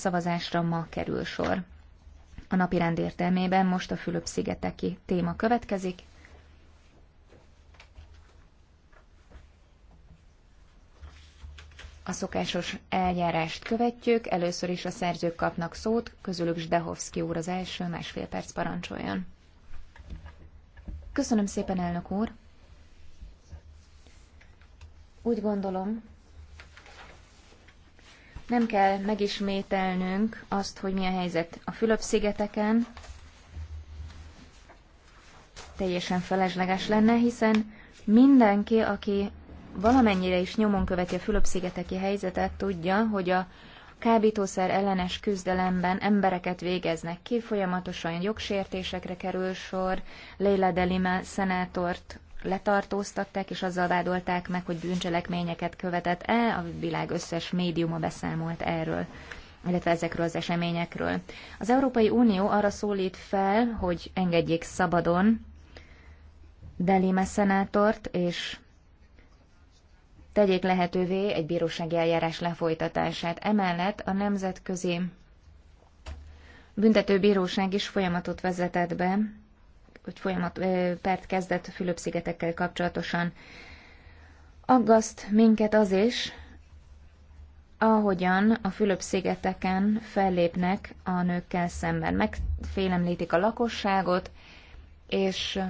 szavazásra ma kerül sor. A napi rend értelmében most a Fülöp-szigeteki téma következik. A szokásos eljárást követjük, először is a szerzők kapnak szót, közülük Zdehovszki úr az első, másfél perc parancsoljon. Köszönöm szépen, elnök úr! Úgy gondolom, nem kell megismételnünk azt, hogy mi a helyzet a Fülöp-szigeteken. Teljesen felesleges lenne, hiszen mindenki, aki valamennyire is nyomon követi a Fülöp-szigeteki helyzetet, tudja, hogy a kábítószer ellenes küzdelemben embereket végeznek ki, folyamatosan jogsértésekre kerül sor, Leila Delima szenátort letartóztatták, és azzal vádolták meg, hogy bűncselekményeket követett el, a világ összes médiuma beszámolt erről illetve ezekről az eseményekről. Az Európai Unió arra szólít fel, hogy engedjék szabadon Delima szenátort, és tegyék lehetővé egy bírósági eljárás lefolytatását. Emellett a nemzetközi büntetőbíróság is folyamatot vezetett be hogy folyamat pert kezdett Fülöp-szigetekkel kapcsolatosan. Aggaszt minket az is, ahogyan a Fülöp-szigeteken fellépnek a nőkkel szemben. Megfélemlítik a lakosságot, és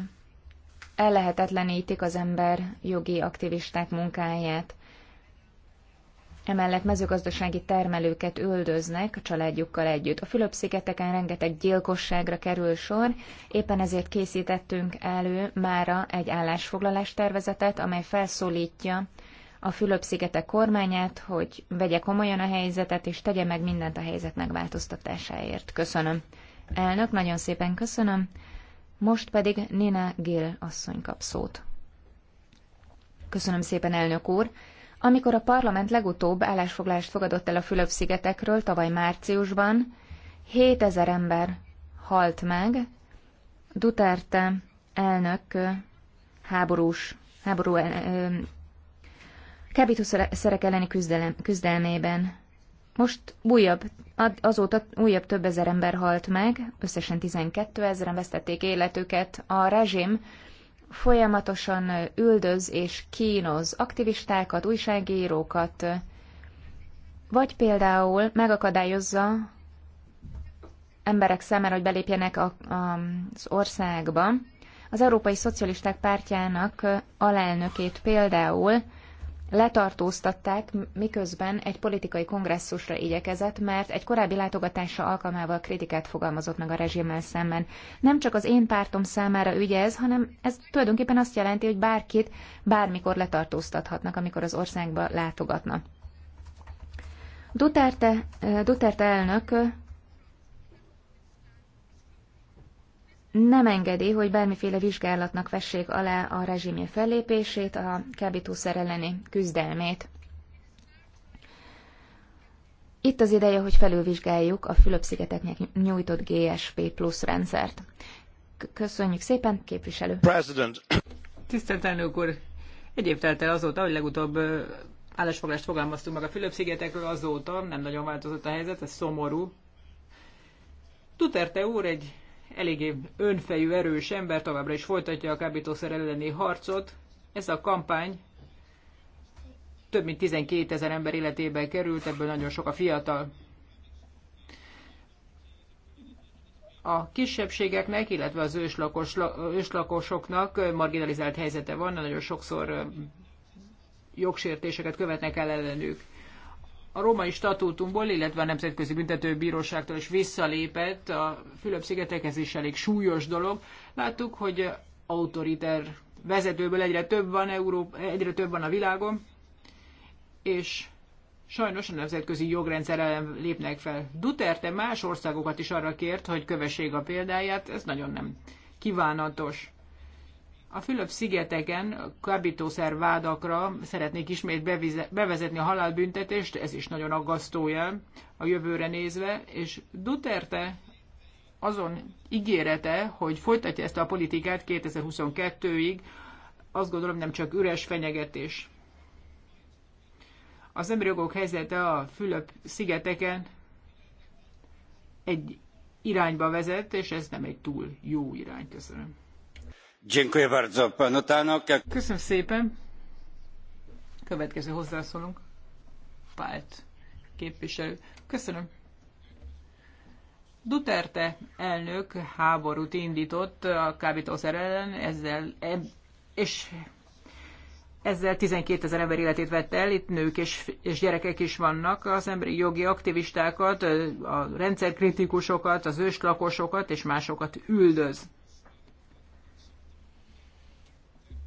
ellehetetlenítik az ember jogi aktivisták munkáját. Emellett mezőgazdasági termelőket üldöznek a családjukkal együtt. A Fülöp-szigeteken rengeteg gyilkosságra kerül sor, éppen ezért készítettünk elő mára egy állásfoglalás tervezetet, amely felszólítja a Fülöp-szigetek kormányát, hogy vegye komolyan a helyzetet, és tegye meg mindent a helyzet megváltoztatásáért. Köszönöm. Elnök, nagyon szépen köszönöm. Most pedig Nina Gill asszony kap szót. Köszönöm szépen, elnök úr. Amikor a parlament legutóbb állásfoglalást fogadott el a Fülöp-szigetekről tavaly márciusban, 7000 ember halt meg, Duterte elnök háborús, háború kábítószerek elleni küzdelem, küzdelmében. Most újabb, azóta újabb több ezer ember halt meg, összesen 12 ezeren vesztették életüket. A rezsim folyamatosan üldöz és kínoz aktivistákat, újságírókat, vagy például megakadályozza emberek számára, hogy belépjenek a, a, az országba. Az Európai Szocialisták Pártjának alelnökét például letartóztatták, miközben egy politikai kongresszusra igyekezett, mert egy korábbi látogatása alkalmával kritikát fogalmazott meg a rezsimmel szemben. Nem csak az én pártom számára ügy ez, hanem ez tulajdonképpen azt jelenti, hogy bárkit bármikor letartóztathatnak, amikor az országba látogatnak. Duterte, eh, Duterte elnök nem engedi, hogy bármiféle vizsgálatnak vessék alá a rezsimje fellépését, a kábítószer elleni küzdelmét. Itt az ideje, hogy felülvizsgáljuk a Fülöp-szigeteknek nyújtott GSP plusz rendszert. Köszönjük szépen, képviselő. President. Tisztelt elnök úr, egy év telt el azóta, hogy legutóbb állásfoglalást fogalmaztunk meg a Fülöp-szigetekről, azóta nem nagyon változott a helyzet, ez szomorú. Duterte úr egy eléggé önfejű, erős ember továbbra is folytatja a kábítószer elleni harcot. Ez a kampány több mint 12 ezer ember életébe került, ebből nagyon sok a fiatal. A kisebbségeknek, illetve az őslakos, őslakosoknak marginalizált helyzete van, nagyon sokszor jogsértéseket követnek el ellenük a római statútumból, illetve a Nemzetközi Büntetőbíróságtól is visszalépett a fülöp szigetekhez is elég súlyos dolog. Láttuk, hogy autoriter vezetőből egyre több van, Európa, egyre több van a világon, és sajnos a nemzetközi jogrendszer ellen lépnek fel. Duterte más országokat is arra kért, hogy kövessék a példáját, ez nagyon nem kívánatos. A Fülöp-szigeteken kábítószer vádakra szeretnék ismét bevezetni a halálbüntetést, ez is nagyon aggasztó jel a jövőre nézve, és Duterte azon ígérete, hogy folytatja ezt a politikát 2022-ig, azt gondolom nem csak üres fenyegetés. Az emberi jogok helyzete a Fülöp-szigeteken egy irányba vezet, és ez nem egy túl jó irány. Köszönöm. Köszönöm szépen. Következő hozzászólunk. Pált képviselő. Köszönöm. Duterte elnök háborút indított a kábítószer ellen, ezzel, és ezzel 12 ezer ember életét vette el, itt nők és, és gyerekek is vannak, az emberi jogi aktivistákat, a rendszerkritikusokat, az őslakosokat és másokat üldöz.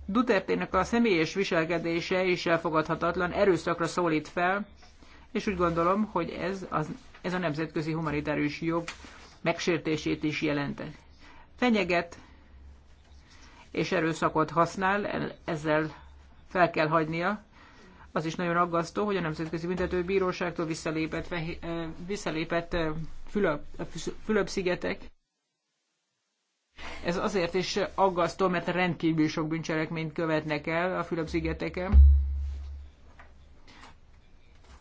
Duterte-nek a személyes viselkedése is elfogadhatatlan, erőszakra szólít fel, és úgy gondolom, hogy ez, az, ez a nemzetközi humanitárius jog megsértését is jelente. Fenyeget és erőszakot használ, ezzel fel kell hagynia. Az is nagyon aggasztó, hogy a Nemzetközi Büntetőbíróságtól visszalépett, visszalépett Fülöp-szigetek ez azért is aggasztó, mert rendkívül sok bűncselekményt követnek el a Fülöp-szigeteken.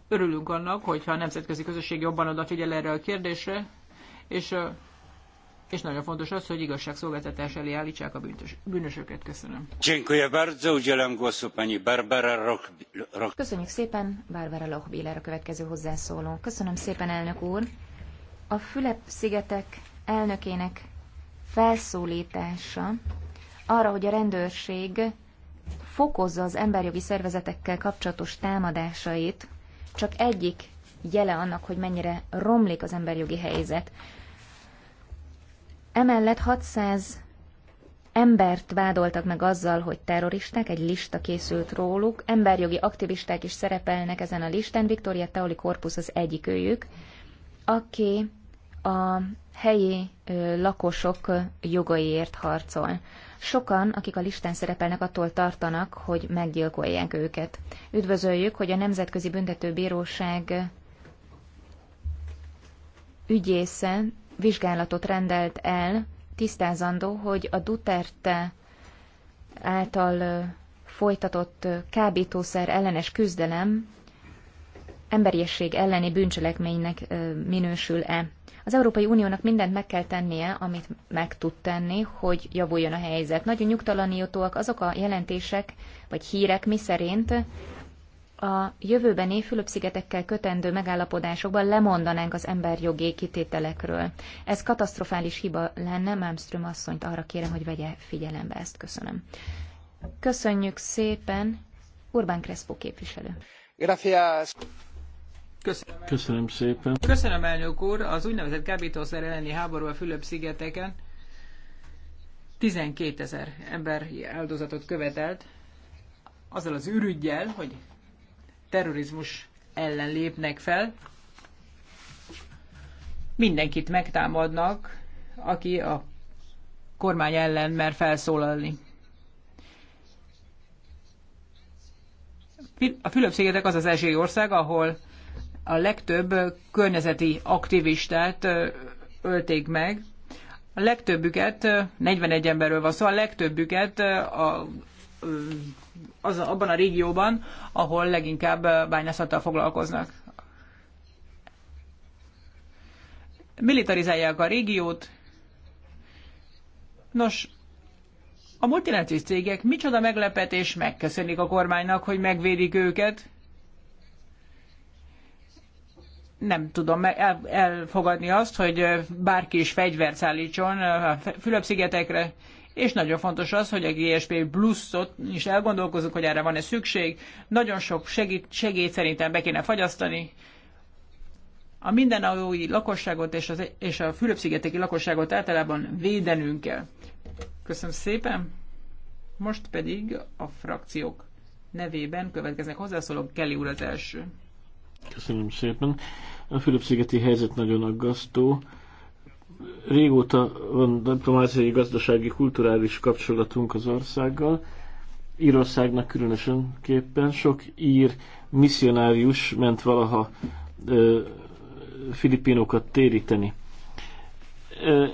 Örülünk annak, hogyha a nemzetközi közösség jobban odafigyel erre a kérdésre, és, és nagyon fontos az, hogy igazságszolgáltatás elé állítsák a bűntös, bűnösöket. Köszönöm. Köszönjük szépen, Barbara Lochbiller a következő hozzászóló. Köszönöm szépen, elnök úr. A Fülep-szigetek elnökének felszólítása arra, hogy a rendőrség fokozza az emberjogi szervezetekkel kapcsolatos támadásait, csak egyik jele annak, hogy mennyire romlik az emberjogi helyzet. Emellett 600 embert vádoltak meg azzal, hogy terroristák, egy lista készült róluk, emberjogi aktivisták is szerepelnek ezen a listán, Victoria Teoli Corpus az egyik őjük, aki a helyi lakosok jogaiért harcol. Sokan, akik a listán szerepelnek, attól tartanak, hogy meggyilkolják őket. Üdvözöljük, hogy a Nemzetközi Büntetőbíróság ügyésze vizsgálatot rendelt el, tisztázandó, hogy a Duterte által folytatott kábítószer ellenes küzdelem emberiesség elleni bűncselekménynek minősül-e. Az Európai Uniónak mindent meg kell tennie, amit meg tud tenni, hogy javuljon a helyzet. Nagyon nyugtalanítóak azok a jelentések vagy hírek, szerint a jövőben Fülöp-szigetekkel kötendő megállapodásokban lemondanánk az emberjogi kitételekről. Ez katasztrofális hiba lenne, Malmström asszonyt arra kérem, hogy vegye figyelembe ezt. Köszönöm. Köszönjük szépen, Urbán Crespo képviselő. Gracias. Köszönöm, Köszönöm szépen. Köszönöm, elnök úr. Az úgynevezett kábítószer elleni háború a Fülöp-szigeteken 12 ezer ember áldozatot követelt, azzal az ürügyjel, hogy terrorizmus ellen lépnek fel, mindenkit megtámadnak, aki a kormány ellen mer felszólalni. A Fülöp-szigetek az az első ország, ahol a legtöbb környezeti aktivistát ölték meg. A legtöbbüket, 41 emberről van szó, a legtöbbüket a, az, abban a régióban, ahol leginkább bányászattal foglalkoznak. Militarizálják a régiót. Nos, a multinacionális cégek micsoda meglepetés megköszönik a kormánynak, hogy megvédik őket, nem tudom elfogadni azt, hogy bárki is fegyvert szállítson a Fülöp-szigetekre, és nagyon fontos az, hogy a GSP pluszot is elgondolkozunk, hogy erre van-e szükség. Nagyon sok segít, segélyt szerintem be kéne fagyasztani. A mindennapi lakosságot és, az, e-, és a Fülöp-szigeteki lakosságot általában védenünk kell. Köszönöm szépen. Most pedig a frakciók nevében következnek hozzászólók. Kelly úr az első. Köszönöm szépen. A Fülöp-szigeti helyzet nagyon aggasztó. Régóta van diplomáciai, gazdasági, kulturális kapcsolatunk az országgal. Írországnak különösen képpen sok ír misszionárius ment valaha ö, filipinokat téríteni. Ö,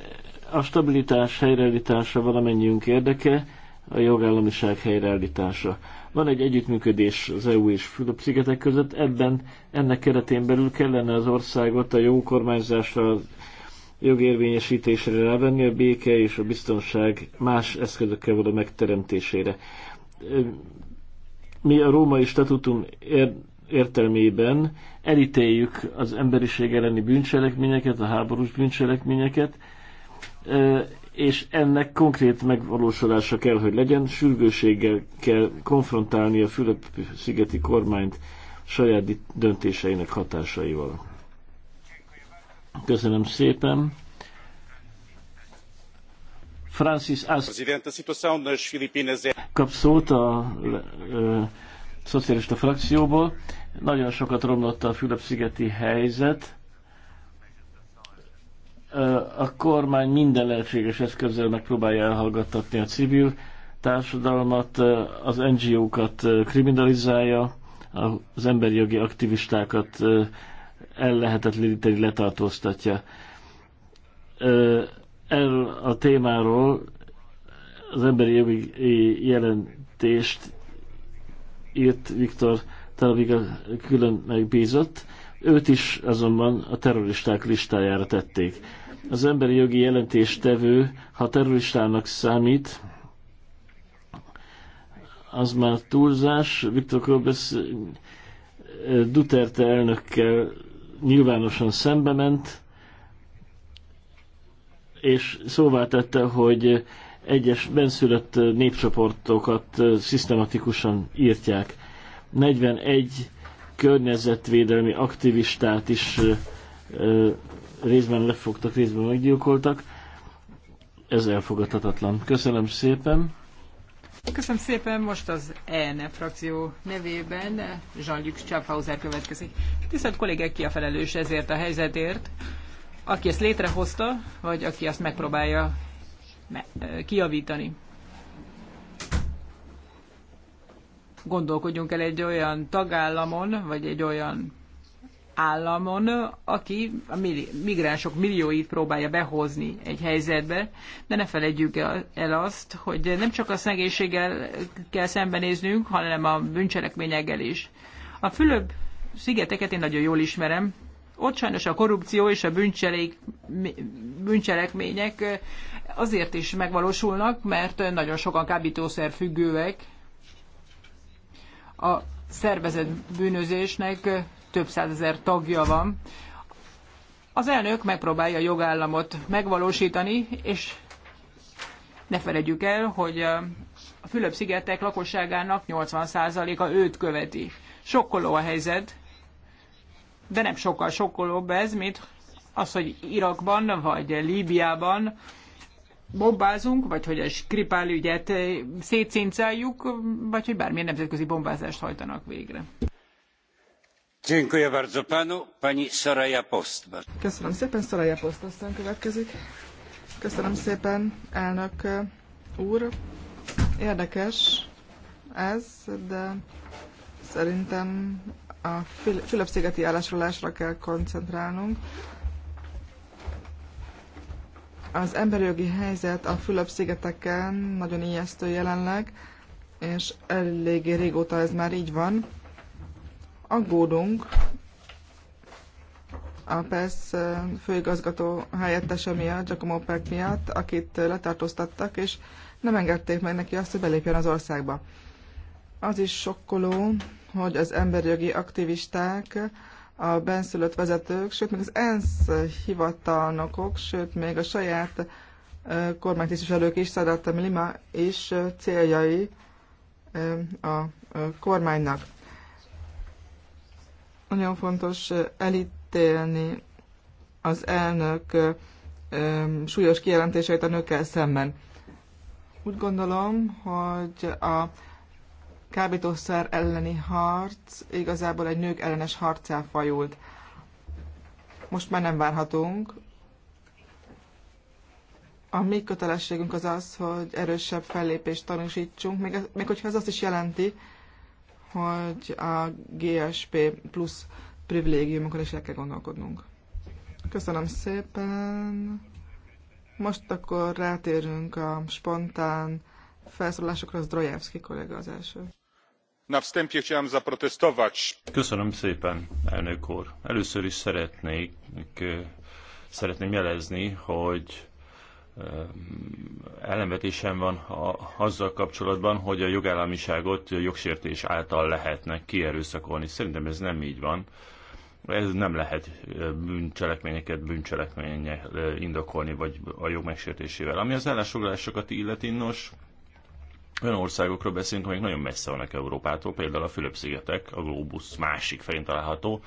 a stabilitás helyreállítása valamennyiünk érdeke, a jogállamiság helyreállítása. Van egy együttműködés az EU és Fülöp-szigetek között, ebben ennek keretén belül kellene az országot a jó kormányzásra, a jogérvényesítésre rávenni, a béke és a biztonság más eszközökkel való megteremtésére. Mi a római statutum ér értelmében elítéljük az emberiség elleni bűncselekményeket, a háborús bűncselekményeket, és ennek konkrét megvalósulása kell, hogy legyen, sürgőséggel kell konfrontálni a Fülöp-szigeti kormányt saját döntéseinek hatásaival. Köszönöm szépen. Francis Ast kap szót a szocialista frakcióból. Nagyon sokat romlott a Fülöp-szigeti helyzet a kormány minden lehetséges eszközzel megpróbálja elhallgattatni a civil társadalmat, az NGO-kat kriminalizálja, az emberi jogi aktivistákat el ellehetetleníteni letartóztatja. Erről a témáról az emberi jogi jelentést írt Viktor Talabig külön megbízott, Őt is azonban a terroristák listájára tették. Az emberi jogi jelentéstevő, ha terroristának számít, az már túlzás. Viktor Krobesz Duterte elnökkel nyilvánosan szembe ment, és szóvá tette, hogy egyes benszülött népcsoportokat szisztematikusan írtják. 41 környezetvédelmi aktivistát is részben lefogtak, részben meggyilkoltak. Ez elfogadhatatlan. Köszönöm szépen. Köszönöm szépen, most az ENE frakció nevében Jean-Luc Schaffhauser következik. Tisztelt kollégek, ki a felelős ezért a helyzetért? Aki ezt létrehozta, vagy aki azt megpróbálja kiavítani? gondolkodjunk el egy olyan tagállamon, vagy egy olyan államon, aki a migránsok millióit próbálja behozni egy helyzetbe, de ne felejtjük el azt, hogy nem csak a szegénységgel kell szembenéznünk, hanem a bűncselekményekkel is. A Fülöp szigeteket én nagyon jól ismerem, ott sajnos a korrupció és a bűncselék, bűncselekmények azért is megvalósulnak, mert nagyon sokan kábítószer függőek, a szervezett bűnözésnek több százezer tagja van. Az elnök megpróbálja a jogállamot megvalósítani, és ne feledjük el, hogy a Fülöp-szigetek lakosságának 80%-a őt követi. Sokkoló a helyzet, de nem sokkal sokkolóbb ez, mint az, hogy Irakban vagy Líbiában bombázunk, vagy hogy a Skripál ügyet eh, szétszínceljük, vagy hogy bármilyen nemzetközi bombázást hajtanak végre. Köszönöm szépen, Szaraja Post aztán következik. Köszönöm szépen, elnök eh, úr. Érdekes ez, de szerintem a Fülöp-szigeti állásolásra kell koncentrálnunk. Az emberi jogi helyzet a Fülöp-szigeteken nagyon ijesztő jelenleg, és eléggé régóta ez már így van. Aggódunk, a PESZ főigazgató helyettese miatt, Giacomo Peck miatt, akit letartóztattak, és nem engedték meg neki azt, hogy belépjen az országba. Az is sokkoló, hogy az emberjogi aktivisták a benszülött vezetők, sőt, még az ENSZ hivatalnokok, sőt, még a saját kormánytisztviselők is, Szadatta Lima is céljai a kormánynak. Nagyon fontos elítélni az elnök súlyos kijelentéseit a nőkkel szemben. Úgy gondolom, hogy a kábítószer elleni harc igazából egy nők ellenes harcá fajult. Most már nem várhatunk. A mi kötelességünk az az, hogy erősebb fellépést tanúsítsunk, még, még hogyha ez azt is jelenti, hogy a GSP plusz privilégiumokon is el kell gondolkodnunk. Köszönöm szépen. Most akkor rátérünk a spontán felszólásokra, az Drojevski kollega az első na wstępie chciałem zaprotestować. Köszönöm szépen, elnök úr. Először is szeretnék, szeretném jelezni, hogy ellenvetésem van azzal kapcsolatban, hogy a jogállamiságot jogsértés által lehetne kierőszakolni. Szerintem ez nem így van. Ez nem lehet bűncselekményeket bűncselekménye indokolni, vagy a jog megsértésével. Ami az állásfoglalásokat illeti, nos, olyan országokról beszélünk, amelyek nagyon messze vannak Európától, például a Fülöp-szigetek, a Globus másik felén található.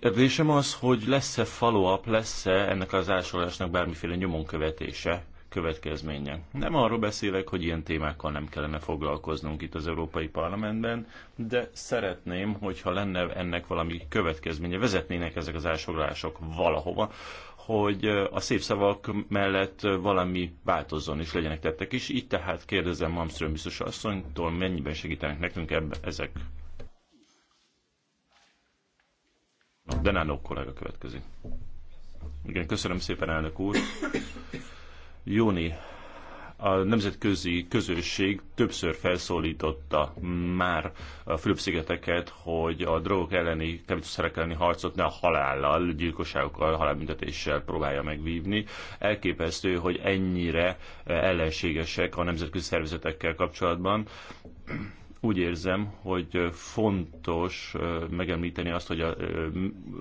Kérdésem az, hogy lesz-e follow-up, lesz-e ennek az ásolásnak bármiféle nyomon követése, következménye. Nem arról beszélek, hogy ilyen témákkal nem kellene foglalkoznunk itt az Európai Parlamentben, de szeretném, hogyha lenne ennek valami következménye, vezetnének ezek az ásolások valahova, hogy a szép szavak mellett valami változzon és legyenek tettek is. Így tehát kérdezem Malmström biztos asszonytól, mennyiben segítenek nekünk ebbe ezek. Na, Denánó kollega következik. Igen, köszönöm szépen, elnök úr. Jóni, a nemzetközi közösség többször felszólította már a Fülöp-szigeteket, hogy a drogok elleni, kábítószerek elleni harcot ne a halállal, gyilkosságokkal, halálbüntetéssel próbálja megvívni. Elképesztő, hogy ennyire ellenségesek a nemzetközi szervezetekkel kapcsolatban úgy érzem, hogy fontos megemlíteni azt, hogy a,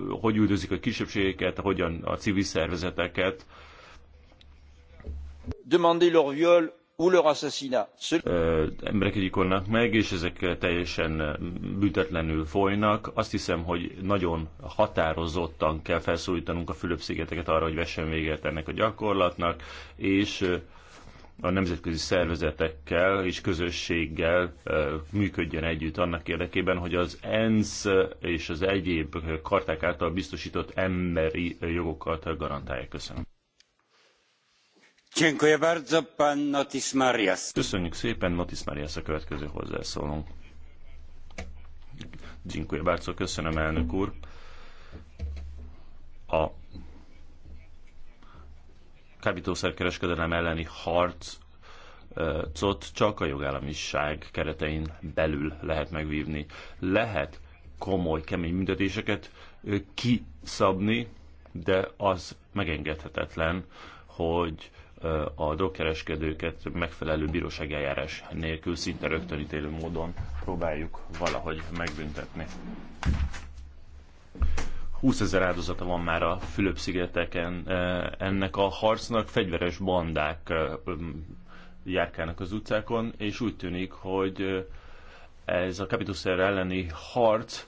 hogy üldözik a kisebbségeket, hogyan a civil szervezeteket, demander leur viol ou leur assassinat. Ö, emberek gyilkolnak meg, és ezek teljesen büntetlenül folynak. Azt hiszem, hogy nagyon határozottan kell felszólítanunk a Fülöp-szigeteket arra, hogy vessen véget ennek a gyakorlatnak, és a nemzetközi szervezetekkel és közösséggel működjön együtt annak érdekében, hogy az ENSZ és az egyéb karták által biztosított emberi jogokat garantálja. Köszönöm. Köszönjük szépen, Notis Marias a következő hozzászólónk. Dziękuję bardzo, köszönöm elnök úr. A kábítószerkereskedelem elleni harcot csak a jogállamiság keretein belül lehet megvívni. Lehet komoly, kemény büntetéseket kiszabni, de az megengedhetetlen, hogy a drogkereskedőket megfelelő bírósági eljárás nélkül szinte rögtönítélő módon próbáljuk valahogy megbüntetni. 20 ezer áldozata van már a Fülöp-szigeteken ennek a harcnak, fegyveres bandák járkálnak az utcákon, és úgy tűnik, hogy ez a kapitószer elleni harc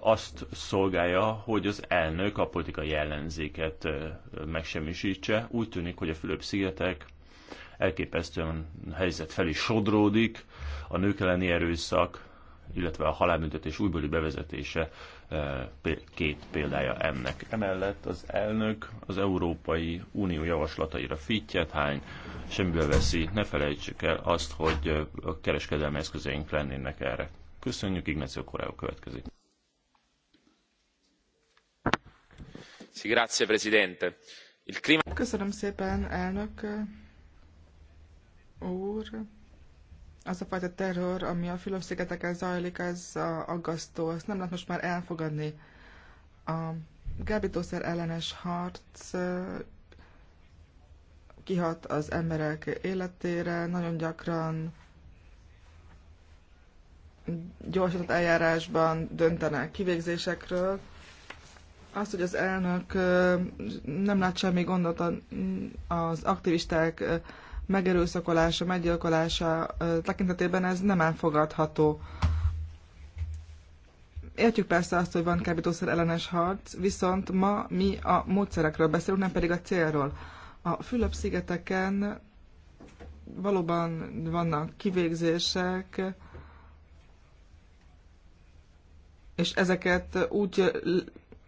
azt szolgálja, hogy az elnök a politikai ellenzéket megsemmisítse. Úgy tűnik, hogy a Fülöp-szigetek elképesztően helyzet felé sodródik, a nők elleni erőszak, illetve a halálbüntetés újbóli bevezetése két példája ennek. Emellett az elnök az Európai Unió javaslataira fittyet hány, semmiből veszi, ne felejtsük el azt, hogy a kereskedelmi eszközeink lennének erre. Köszönjük, Ignáció Koráó következik. Köszönöm szépen, elnök eh, úr. Az a fajta terror, ami a Fülöp-szigeteken zajlik, ez eh, aggasztó. nem lehet most már elfogadni. A kábítószer ellenes harc eh, kihat az emberek életére, nagyon gyakran gyorsított eljárásban döntenek kivégzésekről, azt, hogy az elnök nem lát semmi gondot az aktivisták megerőszakolása, meggyilkolása tekintetében, ez nem elfogadható. Értjük persze azt, hogy van kábítószer ellenes harc, viszont ma mi a módszerekről beszélünk, nem pedig a célról. A Fülöp-szigeteken valóban vannak kivégzések, és ezeket úgy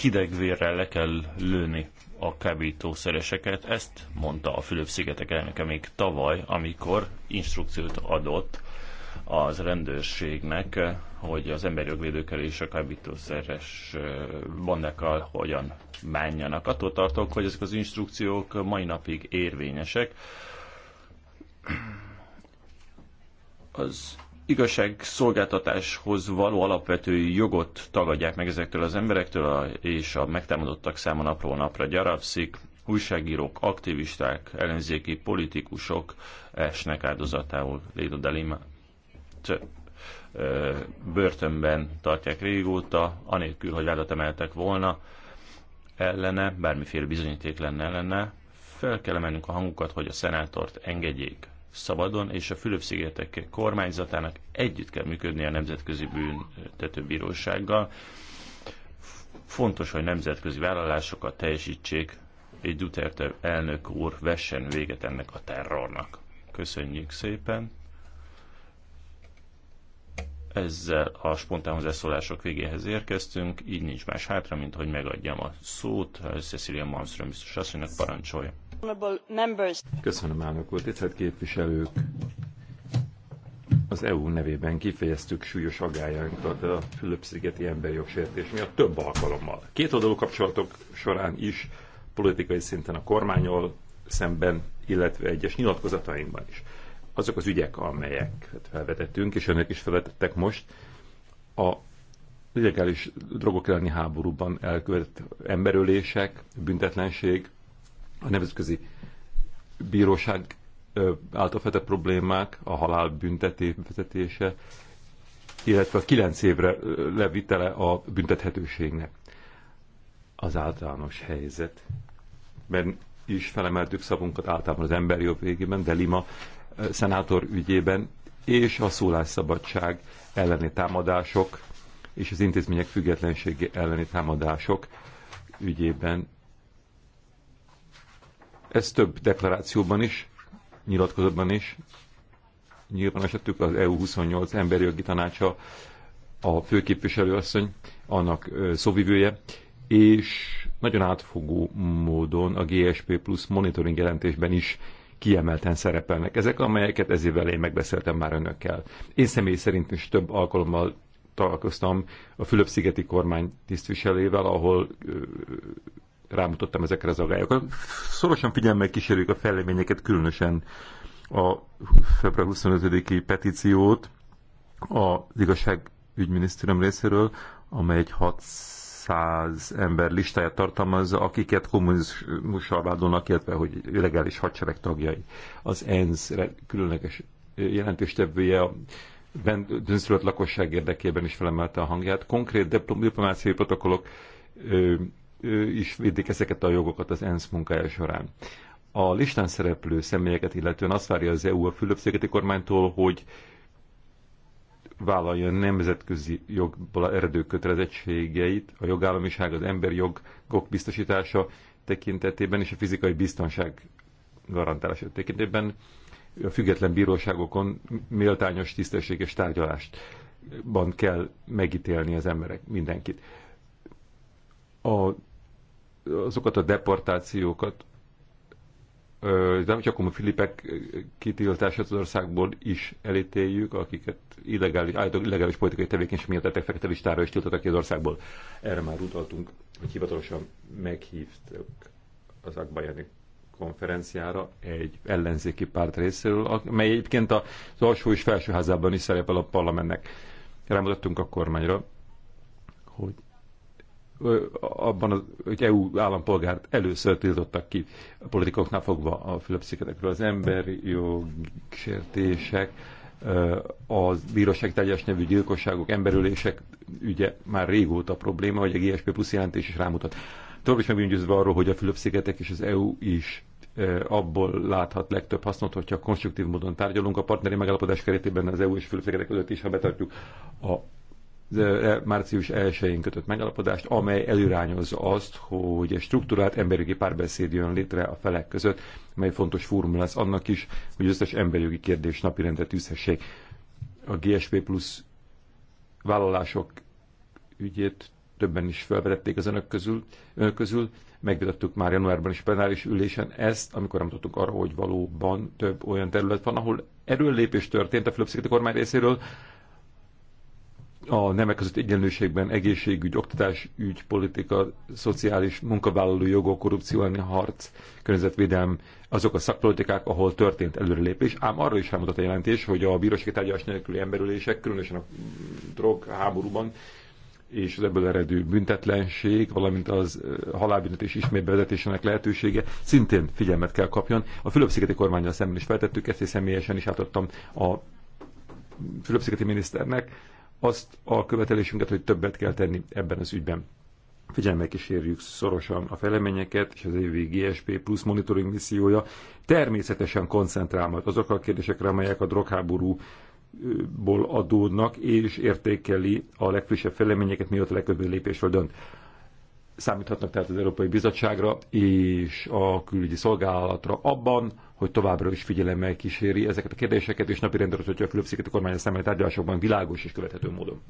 hidegvérrel le kell lőni a kábítószereseket. Ezt mondta a Fülöp-szigetek elnöke még tavaly, amikor instrukciót adott az rendőrségnek, hogy az emberjogvédőkkel és a kábítószeres bandákkal hogyan bánjanak. Attól tartok, hogy ezek az instrukciók mai napig érvényesek. Az igazságszolgáltatáshoz való alapvető jogot tagadják meg ezektől az emberektől, és a megtámadottak száma napról napra gyarapszik, újságírók, aktivisták, ellenzéki politikusok esnek áldozatául Léda Delima börtönben tartják régóta, anélkül, hogy vádat emeltek volna ellene, bármiféle bizonyíték lenne ellene, fel kell emelnünk a hangukat, hogy a szenátort engedjék szabadon, és a Fülöp-szigetek kormányzatának együtt kell működni a Nemzetközi Bűntetőbírósággal. Fontos, hogy nemzetközi vállalásokat teljesítsék, egy Duterte elnök úr vessen véget ennek a terrornak. Köszönjük szépen! Ezzel a spontán hozzászólások végéhez érkeztünk, így nincs más hátra, mint hogy megadjam a szót Cecilia Malmström biztos hogy parancsolja. Köszönöm, elnök úr, tisztelt képviselők! Az EU nevében kifejeztük súlyos aggájainkat a Fülöp-szigeti emberi jogsértés miatt több alkalommal. Két oldalú kapcsolatok során is, politikai szinten a kormányol szemben, illetve egyes nyilatkozatainkban is. Azok az ügyek, amelyeket felvetettünk, és önök is felvetettek most, a illegális drogok elleni háborúban elkövetett emberölések, büntetlenség, a nemzetközi bíróság által fetett problémák, a halál büntetése illetve a kilenc évre levitele a büntethetőségnek az általános helyzet. Mert is felemeltük szavunkat általában az emberi jobb végében, de Lima szenátor ügyében, és a szólásszabadság elleni támadások, és az intézmények függetlensége elleni támadások ügyében ez több deklarációban is, nyilatkozatban is nyilván esettük az EU28 emberi jogi tanácsa, a főképviselőasszony, annak szóvivője, és nagyon átfogó módon a GSP Plus monitoring jelentésben is kiemelten szerepelnek. Ezek, amelyeket ez évvel én megbeszéltem már önökkel. Én személy szerint is több alkalommal találkoztam a Fülöp-szigeti kormány tisztviselével, ahol rámutattam ezekre az agályokra. Szorosan figyelmel kísérjük a fejleményeket, különösen a február 25-i petíciót az igazságügyminisztérium részéről, amely egy 600 ember listáját tartalmazza, akiket kommunizmussal vádolnak, illetve hogy illegális hadsereg tagjai. Az ENSZ különleges jelentéstevője a dönszülött lakosság érdekében is felemelte a hangját. Konkrét diplomáciai protokollok is védik ezeket a jogokat az ENSZ munkája során. A listán szereplő személyeket illetően azt várja az EU a Fülöp-szigeti kormánytól, hogy vállaljon nemzetközi jogból eredő kötelezettségeit, a jogállamiság, az emberi jogok biztosítása tekintetében és a fizikai biztonság garantálása tekintetében a független bíróságokon méltányos, tisztességes tárgyalástban kell megítélni az emberek, mindenkit. A azokat a deportációkat, nem csak a Filipek kitiltását az országból is elítéljük, akiket illegális, állítólag illegális politikai tevékenység miatt tettek fekete listára és tiltottak ki az országból. Erre már utaltunk, hogy hivatalosan meghívtuk az Akbajani konferenciára egy ellenzéki párt részéről, mely egyébként az alsó és felsőházában is szerepel a parlamentnek. Rámutattunk a kormányra, hogy abban, az, hogy EU állampolgárt először tiltottak ki a politikoknál fogva a Fülöp-szigetekről. Az emberi jogsértések, a bíróság teljes nevű gyilkosságok, emberülések ügye már régóta probléma, hogy a GSP plusz jelentés is rámutat. Tovább is megbűngyőzve arról, hogy a Fülöp-szigetek és az EU is abból láthat legtöbb hasznot, hogyha konstruktív módon tárgyalunk a partneri megállapodás keretében az EU és Fülöp-szigetek között is, ha betartjuk a de március 1-én kötött megállapodást, amely előrányozza azt, hogy egy struktúrált emberjogi párbeszéd jön létre a felek között, mely fontos fórum lesz annak is, hogy összes összes emberjogi kérdés napirendre tűzhessék. A GSP plusz vállalások ügyét többen is felvetették az önök közül, önök közül. Megvitattuk már januárban is plenáris ülésen ezt, amikor nem tudtuk arra, hogy valóban több olyan terület van, ahol erőllépés történt a fülöp kormány részéről, a nemek között egyenlőségben egészségügy, oktatás, ügy politika, szociális, munkavállalói jogok, korrupció elleni harc, környezetvédelem, azok a szakpolitikák, ahol történt előrelépés. Ám arra is rámutat a jelentés, hogy a bírósági tárgyalás nélküli emberülések, különösen a drog háborúban és az ebből eredő büntetlenség, valamint az halálbüntetés ismét bevezetésének lehetősége szintén figyelmet kell kapjon. A Fülöp-szigeti kormányjal szemben is feltettük ezt, és személyesen is átadtam a Fülöp-szigeti miniszternek, azt a követelésünket, hogy többet kell tenni ebben az ügyben. Figyelme kísérjük szorosan a feleményeket, és az évi GSP plusz monitoring missziója természetesen koncentrál majd azokra a kérdésekre, amelyek a drogháborúból adódnak, és értékeli a legfrissebb feleményeket, mióta legközelebbi lépésről dönt. Számíthatnak tehát az Európai Bizottságra és a külügyi szolgálatra abban, hogy továbbra is figyelemmel kíséri ezeket a kérdéseket, és napirendre tartja a Fülöp-szigeti kormány a szemmel tárgyalásokban világos és követhető módon.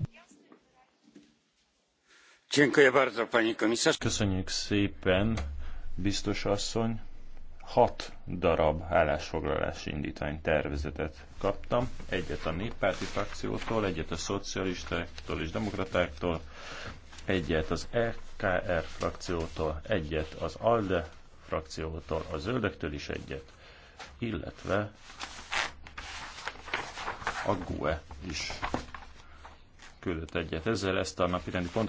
Köszönjük szépen, biztos asszony. Hat darab állásfoglalási indítvány tervezetet kaptam. Egyet a néppárti frakciótól, egyet a szocialistáktól és demokratáktól, egyet az EKR frakciótól, egyet az ALDE frakciótól, a zöldektől is egyet illetve a GUE is küldött egyet. Ezzel ezt a napi rendi pontot